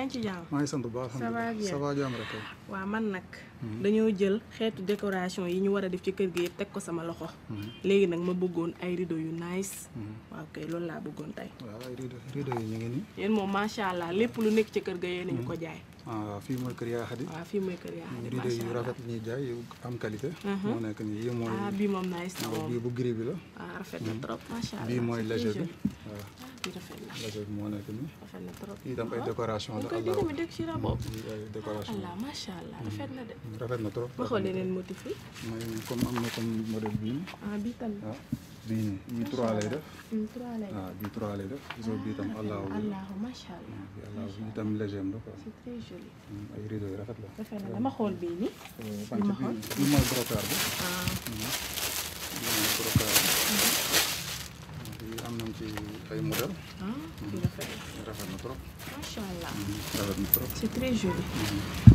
yaa ngi ci jàmm. maa ngi sant bu rek. waaw man nag. Hmm. dañoo jël xeetu décoration yi ñu war a def ci kër gi yëpp teg ko sama loxo. Hmm. léegi nag ma bëggoon ay rideau yu nice. Hmm. waaw kay loolu laa bëggoon tey. waaw ay yi ñu ngi nii. yéen moom macha allah lépp lu nekk ci kër ga yéen ñu ko jaay. waaw ah, fii mooy kër yaa xadi. waaw ah, fii mooy kër yaa xadi macha allah yu rafet la ñuy jaay yu am qualité. Uh-huh. moo nekk nii yi mooy. ah bii moom nice na moom bii bu gris bi la. de. rafet na trop. ma xool motif yi. comme am na comme modèle bii. ah bii tamit bii nii bii trois lay def. bii ah, trois lay def waaw bii trois lay def. gisoo bii tam allahu. allahu macha allah bii ah, allahu bii tam légère la quoi. c'est très joli. Mm, ay rideau yu rafet la. rafet na dama xool bii nii. bi oh, ma xool bi mooy brocart bi. bii mooy brocart bi. Ah. Mm-hmm. Mm-hmm. bii am nañ ci ay modèle. Mm-hmm. rafet na trop. macha allah rafet na trop. c'est très joli.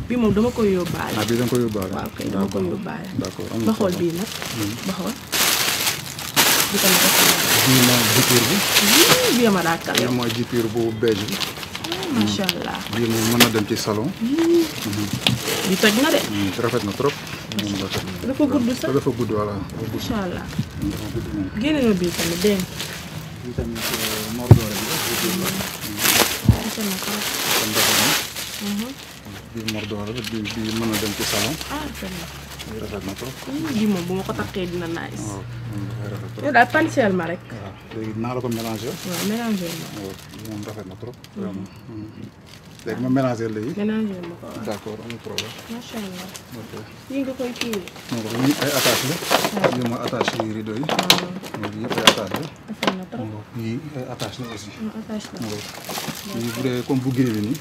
bi moom dama koy yóbbaale. ah bii danga koy yóbbaale. waaw kay dama koy yóbbaale. d'accord ma xool bii nag ma xool. jiite ma ko sama. bii mooy bi. bii ma daa kale. mooy jipir bu beige bi. allah bii moom mën na dem ci salon. bi toj na de. rafet na trop. dafa gudd sax dafa gudd voilà. macha allah. génne na bii tamit dégg bii Mordor la bii bii mën na dem ci salon. ah dëgg rafet na trop. bii moom bu ma ko takkee dina nice. waaw moom dafay rafet ma rek. waaw léegi naa la ko mélangé. moom rafet na trop. Mm-hmm. Mm-hmm. léegi ma mélanger la yi. mélanger ma ko waaw. d' accord la. lii mooy attache yi rideau yi. donc ah. yii ay attaches la. aussi. attache bu dee comme bu bi nii.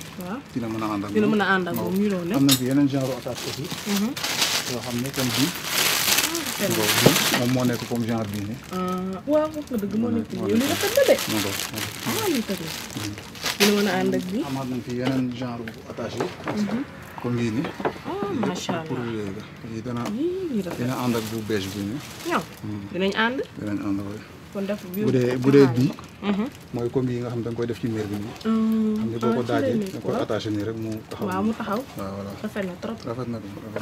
dina mën a ànd ak. dina mën a ànd am na fi yeneen genre attache aussi. Mhm. yoo xam ne comme bii. Ah, moom moo nekk comme genre bii nii. Ah, waaw wax nga dëgg moo nekk nii yow li rafet na de. dina mën a bi amaat nañ fi yeneen genre attache yi mhm. comme yii nii ah, macha allah pour yii dana dina ànd ak bu beige bi nii ñoom mhm. dinañ dee bu dee bii mhm. mooy comme yi nga xam da nga koy def ci miir bi nii ah, ah, da nga koy mu taxaw waaw mu taxaw waaw na trop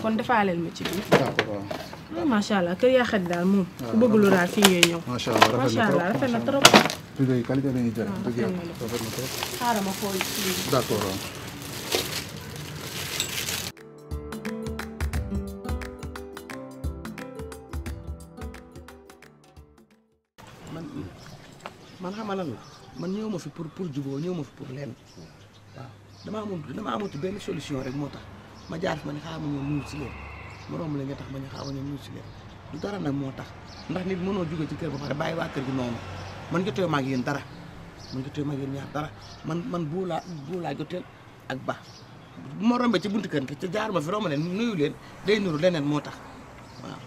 kon defaaleel ma ci biir d'accord waaw macha allah kër yaa xet daal moom ku bëgg lu daal fii ngay na trop pizza yu qualité dañuy jël. dëgg ma xool man man xamal la man ñëw ma fi pour pour juboo ñëw ma fi pour lenn waaw dama amoon dama benn solution rek moo tax ma jaar fi ma ne ñëw nuyu si leen moroom la nga tax ma ne xaaral ma ñëw nuyu si leen du dara nag moo tax ndax nit mënoo jóge ci kër ba pare bàyyi waa kër gi noonu. man jotee maa ngi yéen dara man jotee maa ngi yéen ñaar dara man man boo laa boo laa joteel ak ba bu ma rombee ci buntu kër gi ca jaar ma fi romb ne nuyu leen day nuru leneen moo tax waaw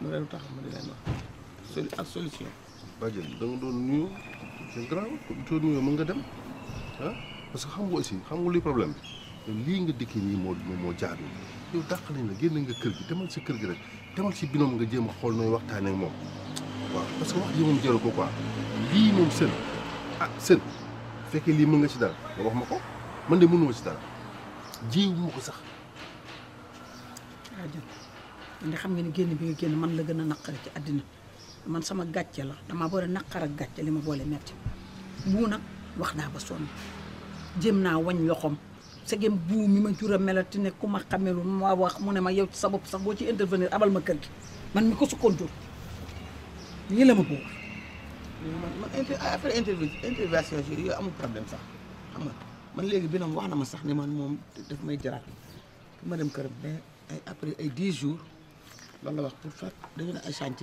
loolu lu tax ma di leen wax ak solution. Badiane da nga doon nuyu c'est grave soo nuyoo mën nga dem ah parce que xam nga aussi xam nga luy problème bi lii nga dikki nii moo moo jaadu yow dàq nañ la génn nga kër gi demal si kër gi rek demal si binom nga jéem a xool nooy waxtaanee ak moom. waaw parce que wax ji moom jëru ko quoi lii moom sën ah sën fekkee lii mën nga ci dara nga wax ma ko man de mënuma ci dara jiwu ma ko sax. waaw jërëjëf ndax xam nga ni génn bi nga génn man la gën a naqari ci àddina man sama gàcce la damaa boole naqar ak gàcce li ma boole metti bu nag wax naa ba sonn jéem naa wañ loxoom segem buu mi ma jur a melati ne ku ma xamelu ma wax mu ne ma yow ci sa bopp sax boo ci intervenir abal ma kër gi man mi ko sukkoon jur. lii la ma ko wax. man affaire interview intervention yooyu amul problème sax xam nga man léegi bi wax na ma sax ni man moom daf may jaraat ma dem këram ay après jours loolu la wax pour fa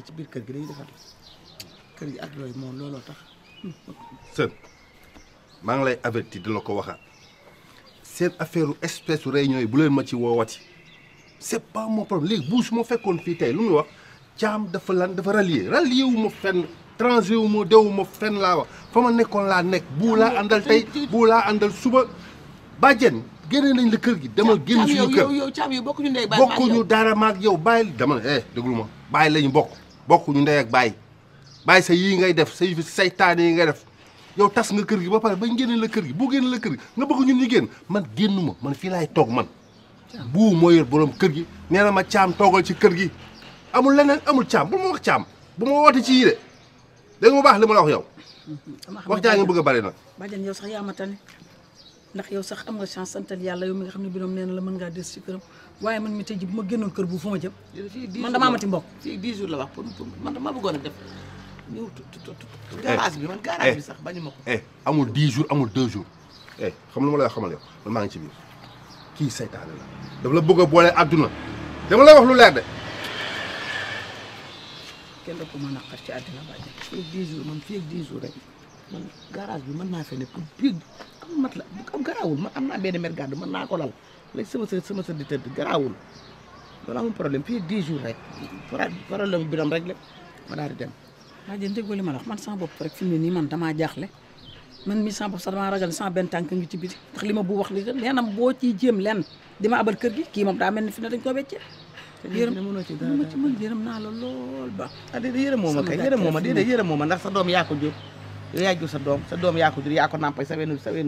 ci biir kër gi dañuy defar kër gi ak yooyu tax. sën ngi lay avertir di la ko waxaat seen affaire u espèce yi bu leen ma ci woowati c'est pas mon problème léegi bu su ma fekkoon fii tey lu muy wax. caam dafa lan dafa rallier rallier wu ma fenn tranché wu ma dewu ma fenn laa wax fa ma nekkoon laa nekk bu laa àndal tey bu laa àndal suba bàjjen génne nañ la kër gi demal génn suñu kër bokkuñu dara maag yow bàyyi dama ne eh déglu ma bàyyi la ñu bokk bokkuñu ndey ak bàyyi bàyyi sa yii ngay def sa yi saytaane yi ngay def yow tas nga kër gi ba pare bañ génne la kër gi bu génne la kër gi nga bëgg ñun ñu génn man génnu ma man fii laay toog man buu moo yor borom kër gi nee na ma caam toogal ci kër gi amul leneen amul caam bu ma wax caam bu ma woote ci yii de dégg baax li ma la wax yow. wax jaa nga bëgg a bari nag. Badiane yow sax yaa ma tane ndax yow sax am nga chance santal yàlla yow mi nga xam ne binoom nee na la mën ngaa des ci këram waaye man mi tey bu ma génnoon kër bu fu ma jëm. man damaa amati mbokk. fii 10 jours la wax pour pour man damaa bëggoon a def ñëw eh, garage bi man eh, garage bi sax bañu ma ko. Eh, amul 10 jours amul 2 jours. xam lu ma la xamal yow man maa ngi ci biir kii saytaane la. daf la bëgg a boole àdduna dama la wax lu leer kenn du ko mën a xar ci àddina bàjj fii ak 10 jours man fii ak 10 jours rek man garage bi mën naa fene pour biig am mat la am garaawul man am naa benn mer gàddu mën naa ko lal léegi sama rek problème bi rek la ma daal di dem waa jën déggoo li ma la wax man sama bopp rek fi mu ne nii man damaa jaaxle man mi sama bopp sax damaa ragal sama benn tànk ngi ci biti ndax li ma bu wax li nee na boo ciy jéem lenn di ma abal gi kii daa mel ni fi ne dañ koo yërëm ma ci mën yërëm naa la lool ba ah déedéet yërëm mooma kay yërëm mooma déedéet yërëm mooma ndax sa doom yaa ko jur yaa jur sa doom sa doom yaa ko jur yaa ko nàmpay sa wenu sa bi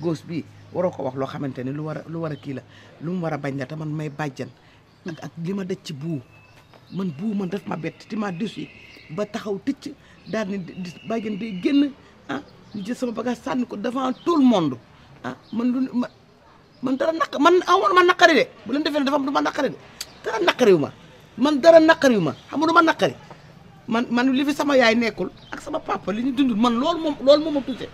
góos bii ko wax loo xamante ni lu war a lu war a kii la lu mu war a bañ la te man may bàjjan ak ak li ma daj ci buu man buu man daf ma bett ti ma déçu ba taxaw tëcc da ni di bàjjan day génn ah sa ma sama bagage sànni ko devant tout le monde ah man lu man dara naq man amoon ma naqari de bu leen defee ne dafa am ma naqari de dara naqariwu ma man dara naqariwu ma xam nga ma naqari man man li fi sama yaay nekkul ak sama papa li ñu dund man lool moom loolu moom ma touché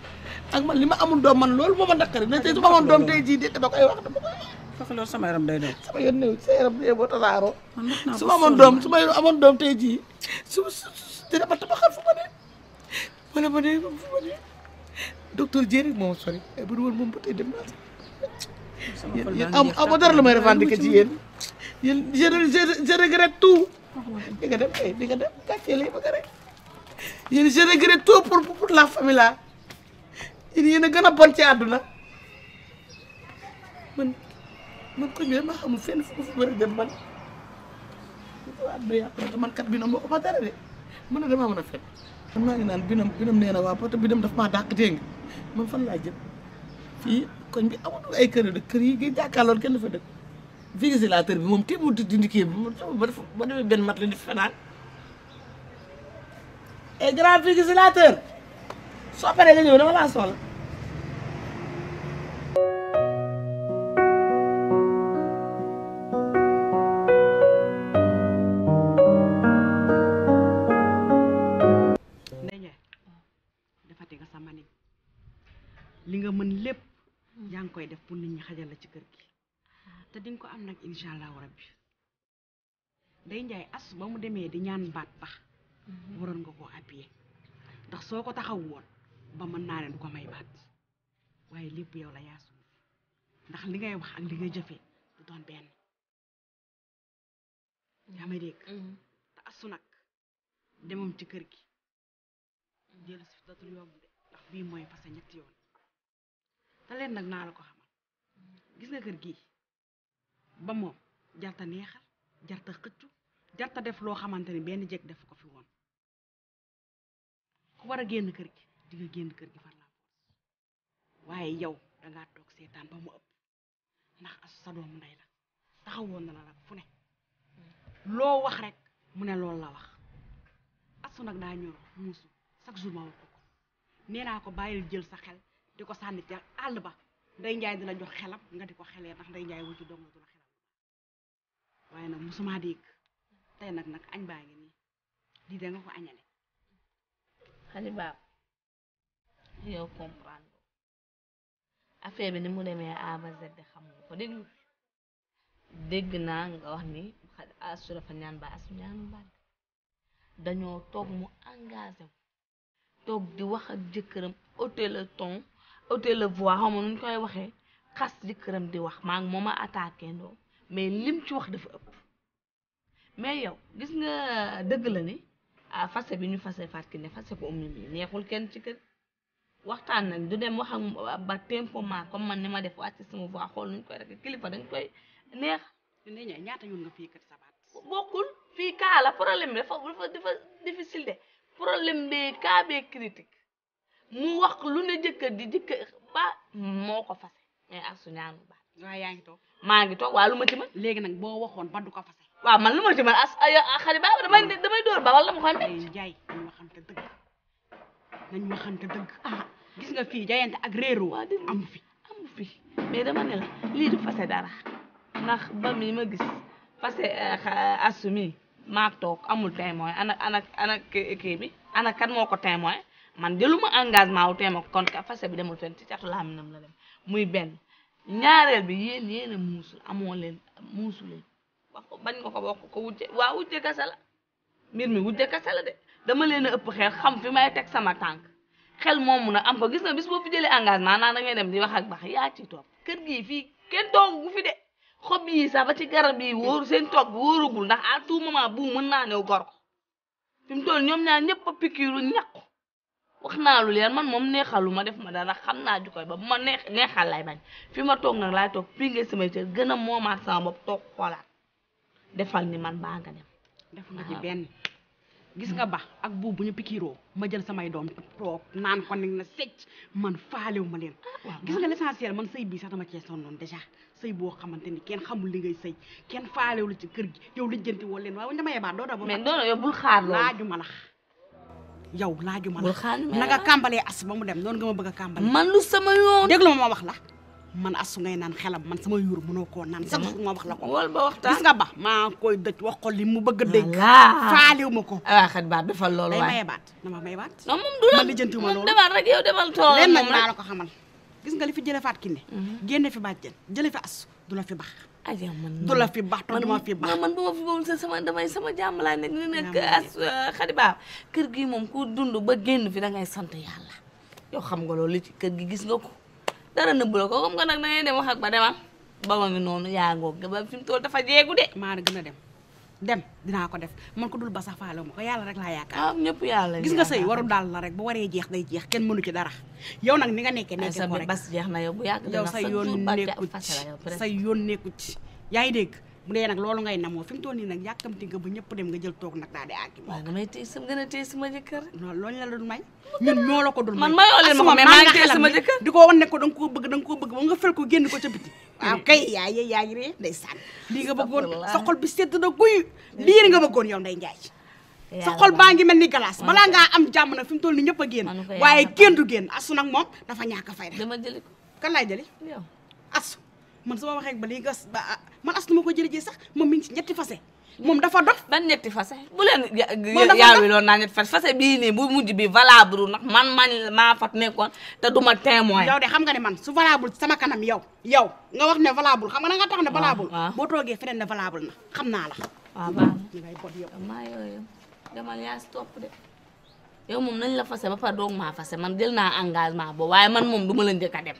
ak man li ma amul doom man loolu moo man naqari na tey su ma amoon doom tey jii de dama koy wax dama koy wax. sax loolu sama yaram day doon. sama yoon amoon doom su ma amoon doom tey jii su su dina ma tabaxal fu ma ne wala moo sori bu dul woon moom ba tey dem naa. sama xol daa ngi am dara je je je regrette tout. di nga dem kay eh, di nga dem gàccee lay bëgg rek. yéen je regrette tout pour pour la famille là yéen yéen a gën a bon ci àdduna man man ko ñu ma xamul fenn fu fu bëri gën man àdduna yàqu na te man kat binam boo ko ma dara de man a damaa mën a fen man maa ngi naan binam binam nee na waa parce que binam daf maa dàq dégg man fan laa jëm fii koñ bi amatul ay kër de kër yi gi jàkkaarloon kenn dafa dëkk vigilateur bi moom te mu dindi kii bi ba def ba defee benn mat la di fanaan et grand vigilateur soo paree nga ñëw dama laa soxla di ko am nag incha allahu rabbi day njaay as ba mu demee di ñaan baat ba mhm. waroon nga koo appuyer ndax soo ko taxaw woon ba mën naa ne du ko may baat waaye lépp yow la yaa ndax li ngay wax ak li ngay jëfee du doon benn mhm. nag demam ci kër gi jël ndax bii mooy fase ñetti yoon te leen nag naa la ko xamal mhm. gis nga kër gi ba moom jarta neexal jarta xëccu jarta def loo xamante ni benn jég def ko fi woon ku war a génn kër gi di nga génn kër gi far la force waaye yow dangaa toog seetaan ba mu ëpp ndax asu sa doom ndey la taxawoon na la nag fu ne loo wax rek mu ne loolu la wax asu nag daa ñor muusu chaque jour ma wax ko nee naa ko bàyyil jël sa xel di ko sànni ca àll ba nday njaay di la jox xelam nga di ko xelee ndax nday njaay wuju dong du la waaye nag mu musuma dikk te nag nag añ baa ngi nii lii da nga ko añale yow comprendre affaire bi ni mu demee A ba Z xam nga ko déglu dégg naa nga wax ni asu dafa ñaan ba asu ñaan baat dañoo toog mu engagé toog di wax ak jëkkëram ôter le ton ôter le voix xaw nu ñu koy waxee xas jëkkëram di wax maa ngi moom a attaqué ndoo mais lim ci wax dafa ëpp mais yow gis nga dëgg la ni ah fase bi ñu fase Fatou Kiné fase ko Oumy mi neexul kenn ci kër waxtaan nag du dem wax ak ah, ba tempomat comme man ni ma def wàcc sama voix xool nuñ koy rek kilifa dañ koy neex. ñun ñaata yoon nga fi yëkkati sa baat. bokkul fii kaa la problème bi dafa de problème bee kaa bee critique mu wax lu ne jëkkër di jëkkër ba moo ko fase mais ak ñaanu waaw ah, yaa ngi toog maa ngi toog waaw lu ma ci mën. léegi nag boo waxoon ba du ko fase. waaw man lu ma ci mën as xarit baba damay hmm. damay dóor ba wala ma xool. jaay nañ waxante dëgg nañ waxante dëgg ah gis nga fii jaayante ak réeru amu fi amu fi mais dama ne la lii fase dara ndax ba mi ma gis fase eh, assumi maa toog amul témoin ana ana ana kii bi ana moo ko témoin man jëluma engagement wu témoin kon fase bi demul fenn ci catu laaminam la dem muy benn. ñaareel bi yéen yéen a muusu amoo leen muusu ko ko wax ko wujje waa wujje kasa la mbir mi wujje kasa la de dama leen a ëpp xel xam fi may teg sama tànk xel moomu nag am ko gis nga bis boo fi jëlee engagement naan da ngay dem di wax ak bax yaa ci toog kër gii fii kenn toogu fi de xob yi sax ba ci garab yi wóor seen toog bi wóoragul ndax à tout moment bu mën naa ñëw gor fi mu toll ñoom ñaar ñëpp a pikiru ñàkku wax naa lu leer man moom neexalu ma def ma dara xam naa jukkoy ba bu ma neex neexal lay bañ fi ma toog nag laay toog pinge sama cër gën a moomaat sama bopp toog xoolaat ni man baa nga dem def nga ci benn gis nga ba ak buub bu ñu pikiroo ma jël samay doom toog naan ko ni na secc man faalewu ma leen ah, gis nga l'essentiel man sëy bii sax dama cee sonnoon déjà sëy boo xamante ni kenn xamul liggéey ngay sëy kenn faalewu la ci kër gi yow lijjanti woo leen waaye wañ dama doo da ba mais doona yow bul xaar loolu laaju ma la yow laajuma la na nga kàmbalee as ba mu dem noonu nga ma bëgg a kàmbalee. man lu sama yoon. déglu ma ma wax la man asu ngay naan xelam man sama yuur mënoo koo naan sama ma wax la ko. wol ba waxtaan gis nga ba maa koy dëj wa ko li mu bëgg a dégg. faalewu ma ko. ah xet baat defal loolu waay day baat dama maye baat. non moom ma loolu demal rek yow demal toolam lenn nag maa gis nga li fi jëlee faat ki ne. Mhm. génne fi bàjjen jële fi asu du la fi baax aja man du la fi baax to dama fi baax man bu ma fi moom sa sama damay sama jàmm laa nekk ni nekk as xadi euh, kër gi moom ku dund ba génn fi da ngay sant yàlla yow xam nga loolu li ci kër gi gis nga ko dara na la ko comme nga nag na ngay dem wax ak ba demal ba ma ngi noonu yaa ngoog ba fi mu toll dafa jeegu de maa gën a dem dem dinaa ko def man ko dul ba sax faale ma ko yàlla rek laa yaakaar. ah yàlla gis nga say waru daal la rek bu waree jeex day jeex kenn mënu ci dara. yow nag ni nga nekkee nekkee ko rek yow sa yoon nekku ci sa yoon nekku ci yaa ngi dégg bu dee nag loolu ngay namoo fi mu toll nii nag yàkkamti nga ba ñëpp dem nga jël toog nag daal di àgg. waaw damay téye sama a jëkkër. non loolu la la ko dul may. man mayoo leen ma ko mais maa ngi téye sama jëkkër. di ko wan ne ko da nga koo bëgg da nga koo bëgg ba nga fel ko génn ko ca biti. waaw kay yaa ngi yaa ngi ree nga bëggoon sa xol bi sedd na guy. lii nga yow nday njaay. sa baa ngi mel ni galaas balaa ngaa am jàmm nag fi mu toll ni ñëpp a génn waaye génn du génn asu nag moom dafa fa fayda dama jëli ko kan laay jëli asu man su ma waxee ba li gas ba ah, man as nu ma ko jëlee sax moom mi ngi ci ñetti fase moom dafa dof ban ñetti fase bu leen yaawi loon naa ñetti fase bii ne bu mujj bi valable na man man maa fat nekkoon te duma témoin yow de xam nga ne man su valable sama kanam yow yow nga wax ne valable xam nga na nga tax ne valable boo toogee feneen ne valable na xam naa la waaw baax na ngay bot yow maa yooyu demal yaa si de yow moom nañ la fase ba pare doog maa fase man jël na engagement boobu waaye man moom du ma la njëkk a dem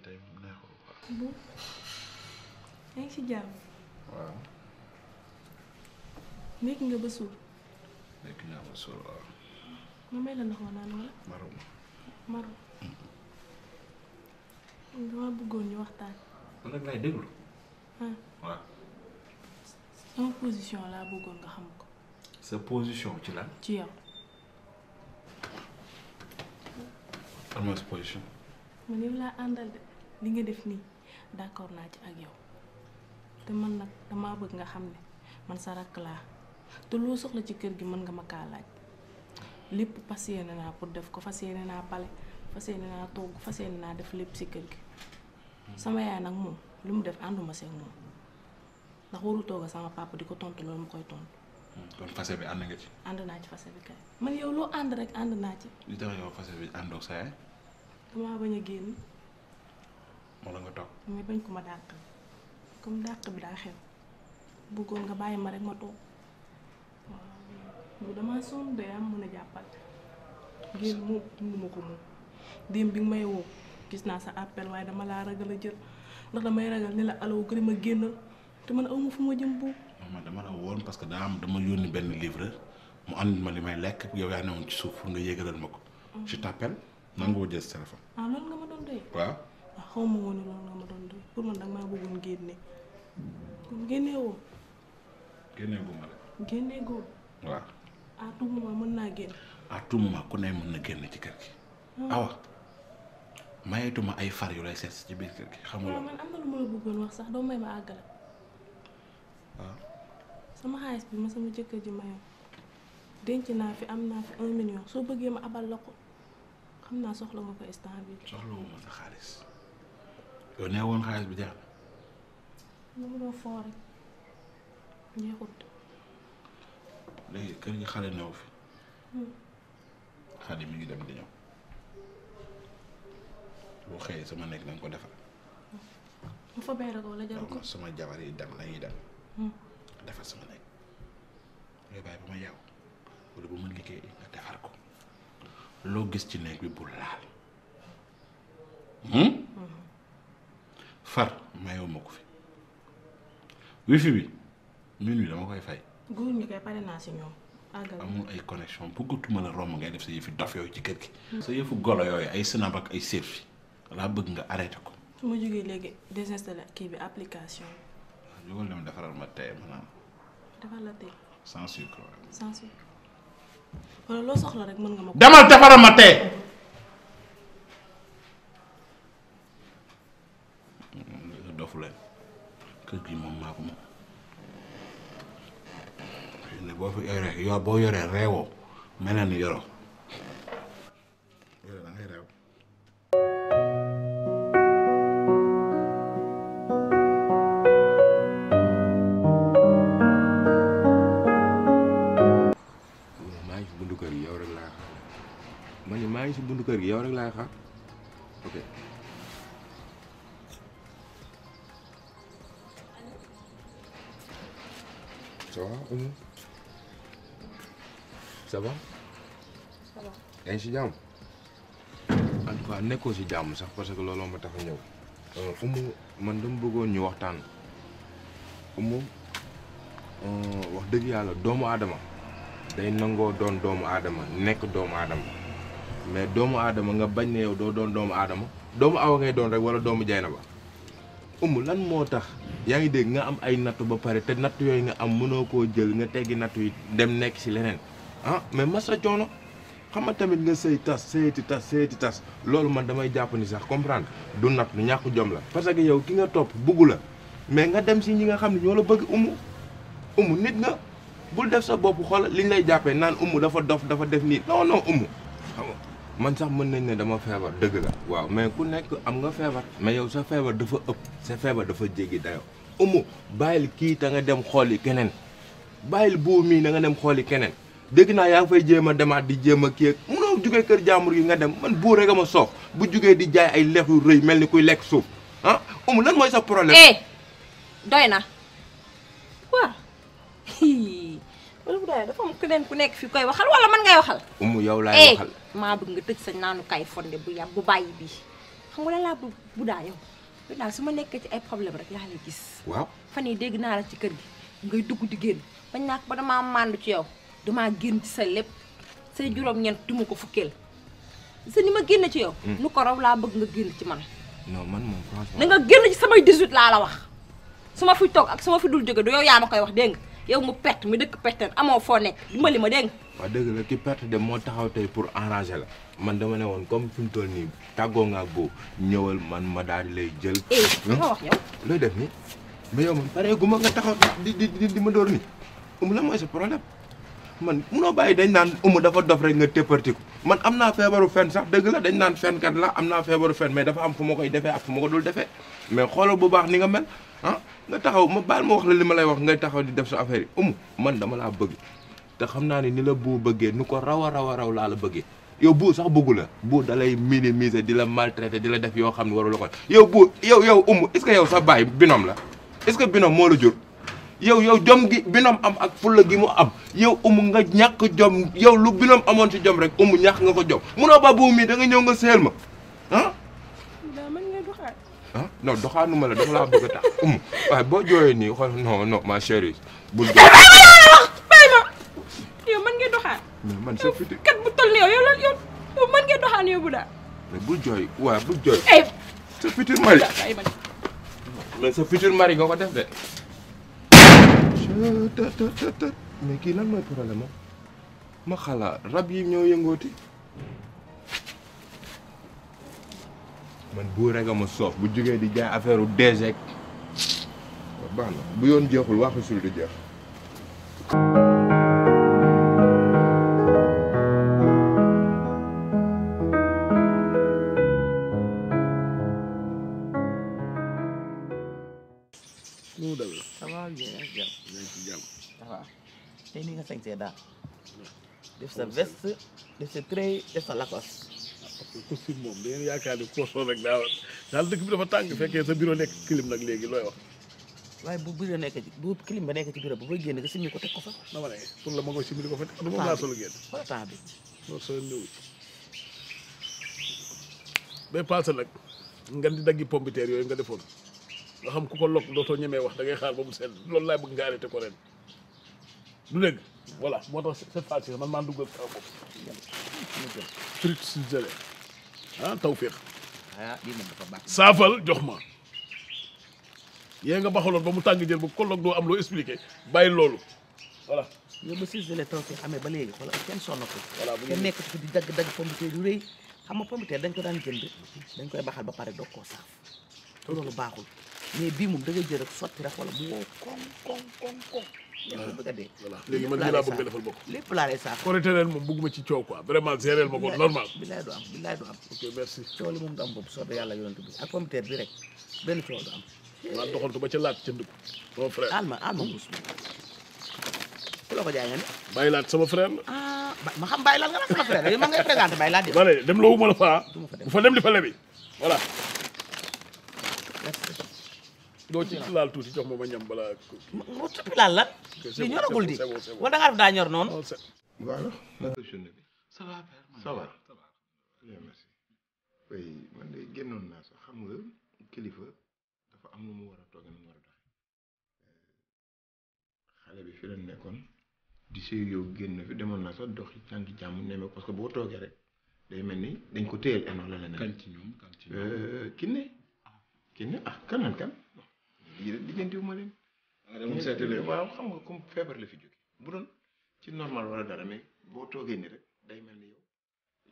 bi tey moom neexul quoi. bon yaa ngi si jàmm. waaw. nekk nga ba suur. nekk naa ba suur waaw. ma may la ndox ma naan wala. marum marum. dama bëggoon ñu waxtaan. man nag laay déglu. sama position laa bëggoon nga xam ko. sa position ci la ci yow. am sa position. man yow laa àndal de. li nga def nii d'accord naa ci ak yow te man nag damaa bëgg nga xam ne man sa rakk laa te loo soxla ci kër gi mën nga ma kaa laaj lépp fas yéene naa pour def ko fas yéene naa pale fas yéene naa togg fas yéene naa def lépp ci kër gi sama yaay nag moom lu mu def ànduma seeg moom ndax warul toog sama papa di ko tontu loolu mu koy tontu. Hmm, kon fase bi ànd nga ci. ànd naa ci fase bi kay man yow loo ànd rek ànd naa ci. li tax yow fase bi àndoo sa yaay. damaa bañ a génn. wala nga toog. mais bañ ko ma dàq comme dàq bi daa xew bëggoon nga bàyyi ma rek ma toog day am mën a jàppal ngir mu ko moom démb bi may woo gis naa sa appel dama laa ragal a jël ndax damay ragal ni la alaw gën ma génnal te man awma fu ma jël jëm boobu. maman dama la woon parce que daa am dama yónni benn livre mu ànd ma li may lekk yow yaa newoon ci suuf pour nga yégalal ma ko. Mm. je t'appelle nangoo jël téléphone. ah loolu nga ma doon doy. waaw. waaw xaw ma woon ne loolu nga ma doon doy pour man danga maa bëggoon génne kon génne woo. génne ma la. génne góor. waaw. à tout mën naa génn. à tout ku ne mën na génn ci kër gi. Ah. awa mayetuma ay far yu lay seet ci biir kër gi. xam man am na lu ma bëggoon wax sax doo may ma àggale. waaw. Ah. sama xaalis bi ma sama jëkkër ji mayoon denc naa fi am naa fi un million soo bëggee ma abal la ko xam naa soxla nga ko instant bi soxla wu sa xaalis. yow nee woon xaalis bi jeex na. mu doon foo rek léegi kër gi xale newu fi. Hmm. xale mi ngi dem di ñëw. boo xëyee suma nekk na ko defar hmm. mu fa bay sama jabar yi dem nañuy dem. Hmm. defal sama nekk. nga bàyyi ba ma yeewu wala ma liggéey nga defar ko. loo gis ci nekk bi bul laal. far mayewu ma ko fi fi bi minuit dama koy fay. góor ñi kay pare naa si ñoom. amul ay connexion bëggatuma la romb ngay def sa yëfi dof yooyu ci kër gi. sa yëfu golo yooyu ay snap ak ay selfie laa bëgg nga arrêté ko. su ma jógee léegi désinstallé kii bi application bi. waaw jógal dem defaral ma tey maanaam. defaral ma tey. kër gi moom maa ko moom ne boo fi yoree yoo boo yoree reewoo mel na ni yoroo yore da ngay reew maa ngi si buntu kër gi laa xaar ma ne maa ngi si buntu kër yow rek laa xaar ok Ça va Oumou ça va. si jàmm. en nekkoo si jàmm sax parce que looloo ma tax a ñëw. Euh, Oumou man dama bëggoon ñu waxtaan Oumou euh, wax dëgg yàlla doomu aadama day nangoo doon doomu aadama nekk doomu aadama mais doomu aadama nga bañ ne yow doo doon doomu aadama doomu awa ngay doon rek wala doomu jay na ba Oumou lan moo tax. yaa ngi dégg nga am ay nattu ba pare te nattu yooyu nga am mënoo koo jël nga teggi nattu yi dem nekk si leneen ah mais ma masa coono xam nga tamit nga sëy tas sëyati tas sëyati tas loolu man damay jàpp ni sax comprendre du nattu ñàkk jom la parce que yow ki nga topp bugg la mais nga dem si ñi nga xam ne ñoo la bëgg umu umu nit nga bul def sa bopp xool li lay jàppee naan umu dafa dof dafa def nii non non umu xam man sax mën nañ ne dama feebar dëgg la waaw mais ku nekk am nga feebar mais yow sa feebar dafa ëpp sa feebar dafa jéggi dayoo ëmmu bàyyil kii ta nga dem xool yi keneen bàyyil boo mii na nga dem yi keneen dégg naa yaa ngi fay jéem a demaat di jéem a kii ak munoo jugee kër jàmbur gi nga dem man boo rek a ma soof bu jugee di jaay ay lex yu rëy mel ni kuy lekk suuf ah ëmmu lan mooy sa problème. eh doy na waaw wala bu doy dafa am keneen ku nekk fi koy waxal wala man ngay waxal. ëmmu yow laay eh, waxal. maa bëgg nga tëj sa naanu kay fonde bu yàgg bu bàyyi bi xam laa bu yow daal su ma nekkee ci ay problème rek laa lay gis. waaw fan yii dégg naa la ci kër gi ngay dugg di génn bañ naa ko ba damaa màndu ci yow damaa génn ci sa lépp say juróom-ñeent du ko fukkeel sa ni ma génn ci yow. nu hmm. ko raw laa bëgg nga génn ci man. non man moom franchement. na nga génn ci samay 18 laa la wax su ma fi toog ak su ma fi dul jóge du yow yaa ma koy wax dégg nga yow mu perte mu dëkk perten amoo foo nekk dimbali ma dégg nga. waaw dëgg la ki perte de moo taxaw tey pour arranger la man dama ne woon comme fi mu toll nii tàggoo nga ak boobu ñëwal man ma daal di lay jël. nga eh, hmm? wax yow. looy def nii mais yow man pare gu ma nga taxaw di di di ma dóor nii umu la mooy sa problème man munoo bàyyi dañ naan umu dafa dof rek nga ko man am naa feebaru fen sax dëgg la dañ naan fenkat la am naa feebaru fen mais dafa am fu ma koy defee ak fu ma ko dul defee mais xoolal bu baax ni nga mel. ah nga taxaw ma baal ma wax la li ma lay wax ngay taxaw di def sa affaire yi umu man dama laa bëgg te xam naa ne ni la boo bëggee nu ko raw a raw a raw laa la bëggee yow boo sax bëggu la boo da lay minimiser di la maltraiter di la def yoo xam ne warul la ko yow boo yow yow umu est yow sa baay binom la est-ce que binom moo la jur yow yow jom gi binom am ak fulla gi mu am yow umu nga ñàkk jom yow lu binom amoon ci jom rek umu ñàkk nga ko jom munoo ba boobu mii da nga ñëw nga seel ma ah ah non doxaanuma la dama laa bëgg a tax um waaye boo jooyee nii xool non non ma chérie bul jooy bàyyi man ngay doxaan mais bu toll yow bu jooy waaw bul jooy sa futur mari mais sa futur mari nga ko def de mais kii lan mooy problème ma xalaat rab yi ñoo yëngooti man bu rek a soof bu jógee di jaay affaire u DG. baax na bu yoon jeexul waxu sul di jeex. tey ni nga sañsee daal. def sa veste def sa trait def sa lacoste. parce que moom dañuy yaakaar ni koosoon rek daa war daal dëkk bi dafa tàng fekkee sa bureau nekk clim nag léegi looy wax. waaye bu bureau nekk ci bu clim ba nekk ci bureau ba booy génn nga simmi ko teg ko fa. ko simmi ko fa teg. du moom laa solo génn. wala temps bi. loolu soo ñëw bay passé nag nga di daggi pompiteer yooyu nga defoon nga xam ku ko lokk dootoo ñemee wax da xaar ba mu sedd loolu laay bëgg nga arrêté ko ren lu dégg voilà moo tax cette fois-ci man maa duggal sama bopp frites ah tawféex. ah lii moom saafal jox ma. yee nga baxaloon ba mu tàng jël ba kolloog doo am loo expliqué bay loolu voilà. yow ba six heures trente amee ba léegi xoolal kenn sonn ko. voilà bu ngeen di dagg dagg pomme de terre yu rëy xam nga ko de terre dañ ko daan jënd dañ koy baxal ba pare doog koo saaf te loolu baaxul mais bii moom da ngay jël rek sotti rek wala mu woo koŋ voilà léegi man lii laa bëgg nga defal bokk lépp laa lay saa korité leen moom bëgguma ci coow quoi vraiment géreel ma ko normal bilaay du am bilaay du am ok merci coow li moom du am boobu soobee yàlla yonent bi ak comité bi rek benn coow du am waa doxantu ba ca laat jënd ko sama frère alma alma mos ku la ko jaay nga ne bàyyi laat sama frère la ah, ma xam bàyyi laat nga nag sama frère yow ma ngay présenté bàyyi laat ma ne dem loowu ma la fa bu fa dem di fa lebi voilà doo ci laal tuuti jox ma ma ñam balaa. ma tuuti laal lan. li ñoragul di wala da ngaa daa ñor noonu. Oh, voilà. ça va. ça va. oui man de génnoon naa sax xam nga kilifa dafa am lu mu war a toog nu mu war a xale bi fi la nekkoon di si yow génn fi demoon naa sax doxi tànki jàmm nemme parce que boo toogee rek day mel ni dañ ko téyel eno la leneen. ci ñoom kinne euh, kinne ah kanaan ah, kan. yii rek lijjantiwu ma leen. Ah, dama seetalee waaw xam nga comme feebar la fi jóge bu doon ci normal wala dara mais boo toogee nii rek day mel ni yow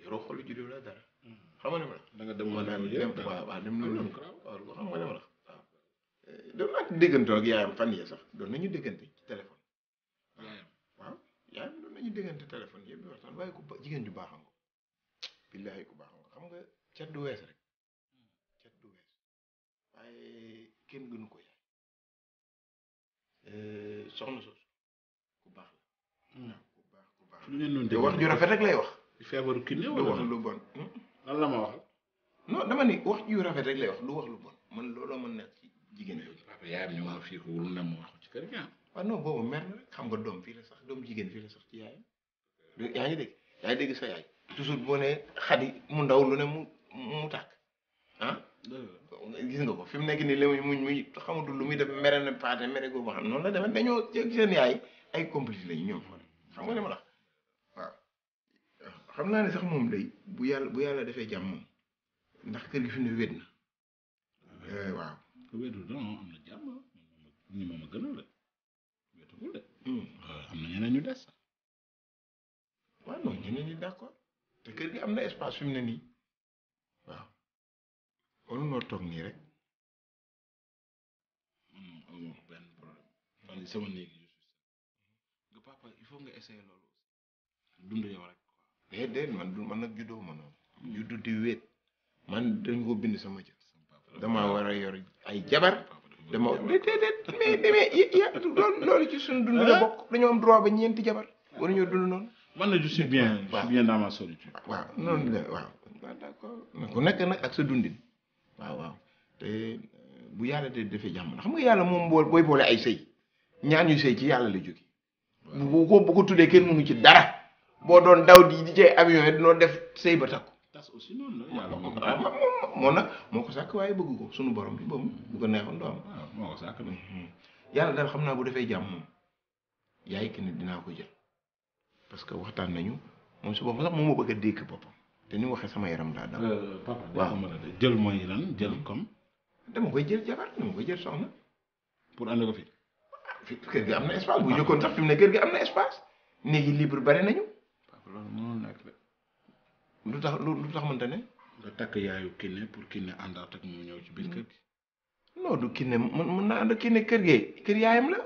yoroo xolu juddoo la dara. xam nga ne ma la. da nga dem ma naan dem waaw waaw dem ah, loolu waaw xam nga ne ma la waaw. Eh, doon naa déggantoo ak yaayam fan yii sax doon nañu déggante ci téléphone. yaayam waaw yaayam doon nañu déggante téléphone yëpp di waxtaan waaye ku jigéen ju baax a nga. billaahi ku baax a nga xam nga cat du wees rek hmm. cat du wees waaye kenn gënu ko Euh, soxna sos ku baax la. Hmm. baax ku baax. lu ngeen doon dégg wax ju rafet rek wax. feebaru kii la wax lu bon. Hmm? lan la ma wax. non dama ni wax ju rafet rek lay wax lu wax lu bon man looloo mën nekk ci jigéen yooyu. papa yaayam ñëw na ko ah. boobu mer na rek xam nga doom fii la sax doom jigéen fii la sax ci yaayam. yaa ngi dégg yaa ngi dégg sa yaay. toujours boo nee xadi mu ndaw lu ne mu mu tàkk ah. gis nga ko fi mu nekk nii li muy muñ muy xamatul lu muy def mere na paate mere ko ba xam noonu la demee dañoo seen yaay ay complice la ñoom xam nga li ma la waaw. naa ne sax moom bu yàlla bu yàlla defee jàmm ndax kër gi fi mu ne wéet eh, am na jàmm ni moom a hmm. euh, na ñeneen ñu des. te kër gi am na espace fi mu ne nii. wala nga toog nii rek. man hmm, amoo benn problème. fan sama néeg hmm. man nag juddoo ma noonu. juddu di wéet. man dañ bind sama jël. damaa war a yor ay jabar. dama déedéet mais mais ya loolu loolu ci suñu dund la bokk. dañoo am droit ba ñeenti jabar. waruñoo dund noonu. man na je suis bien je suis bien dans ma solitude. nag sa dundin. waaw waaw te euh, bu yàlla de defee jàmm xam nga yàlla moom boo booy boole ay sëy ñaan yu sëy ci yàlla la jóge bu ko bu ko tuddee kenn mënu ci dara boo doon daw di di cay avion yi dinoo def sëy ba takku tas aussi noonu la yàlla moom moo nag moo ko sàkk waaye bëgg ko sunu borom bi boobu bu ko neexoon doo am ah, moo ko sàkk na hmm. yàlla daal xam naa bu defee jàmm moom yaay ki ne dinaa ko jël parce que waxtaan nañu moom si boppam sax moom moo bëgg a dékk boppam te ni waxee sama yaram daa daw. Euh, papa waaw jël mooy lan jël hmm. comme. dama koy jël jabar dama koy jël soxna. pour ànd ko fi. Ah, fi kër gi am na espace bu njëkkoon sax fi ne kër gi am na espace. néeg yi libre bari nañu. papa lu tax lu tax mënta ne. nga takk yaayu kinne pour kinne àndaat ak mu ñëw ci biir hmm. kër gi. non du kinne mën naa ànd kinne kër gee kër yaayam la.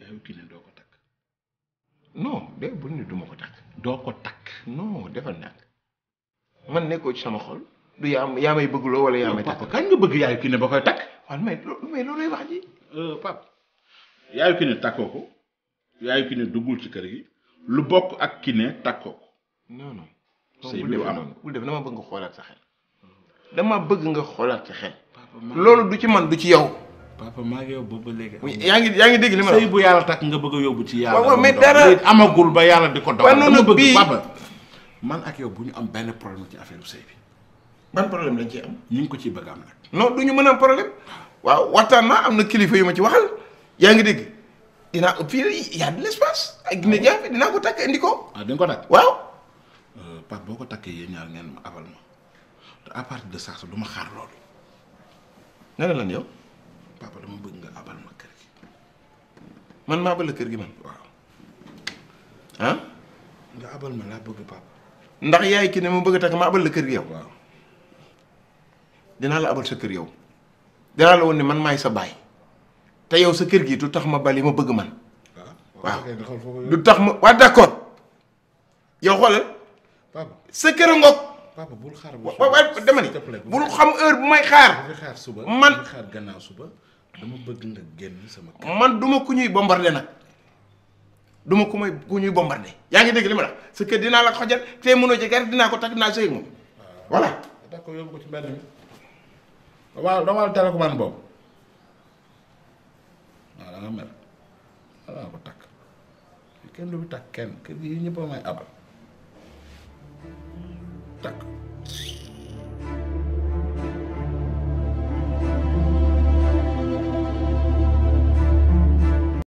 yaayu kinne doo ko takk. non de bu ni duma ko takk. doo ko takk. non defal nag man nekkoo ci sama xol du yaa yaa may bëgguloo loo wala yaa may takk kañ nga bëgg yaayu kii ne ba koy takk. waaw mais mais loolu lay wax ji. Euh, Pape ko yaayu kii ne duggul ci kër gi lu bokk ak kii ne takkoo ko. non non. sëy bi lu am bul def dama bëgg nga xoolaat sa xel. bëgg nga xoolaat sa xel. loolu du ci man du ci yow. papa maa ngi yow boobu ba yaa ngi yaa ngi dégg li ma la wax bu yàlla takk nga bëgg a yóbbu ci yàlla. waaw mais dara ba yàlla di ko doon. waaw noonu bii man ak yow bu ñu am benn problème ci affaire sëy bi. ban problème lañ ciy am. ñu ngi ko ciy bëgg am nag. non du ñu mën a am problème. waaw waxtaan naa am na kilifa yu ma ci waxal yaa ngi dégg dinaa fii y a de l'espace. ak Guinée dinaa ko takk indi ko. waaw ah, di ko takk waaw. Euh, Pape boo ko takkee yéen ñaar ngeen ma abal ma te à partir de ça sax du ma xaar loolu. nga ne lan yow. papa dama bëgg nga abal ma kër gi. kër gi man. waaw ah. nga abal ma laa bëgg papa. ndax yaay ki ne ma bëgg a takk ma abal la kër gi yow dinaa la abal sa kër yow dinaa la woon ne man maay sa baay te yow sa kër gi du tax ma bali ma bëgg man ah, waaw du tax ma waaw d'accord yow xoolal sa kër a ngoog papa bul xaar bu xaar dama ni xam heure bu may xaar. man xaar gannaaw suba dama bëgg nga génn sama. man duma ku ñuy bombardé nag. duma ma ku may ku ñuy bombardé yaa ngi dégg li ma la sa kër dinaa la xojal fee mënoo ci gar dinaa ko takk dinaa sëy moom ah. voilà da ko yóbbu ko ci mbedd mi waaw dama la ah, ko takk kenn du bi takk kenn kër gi yi ñëpp may abal takk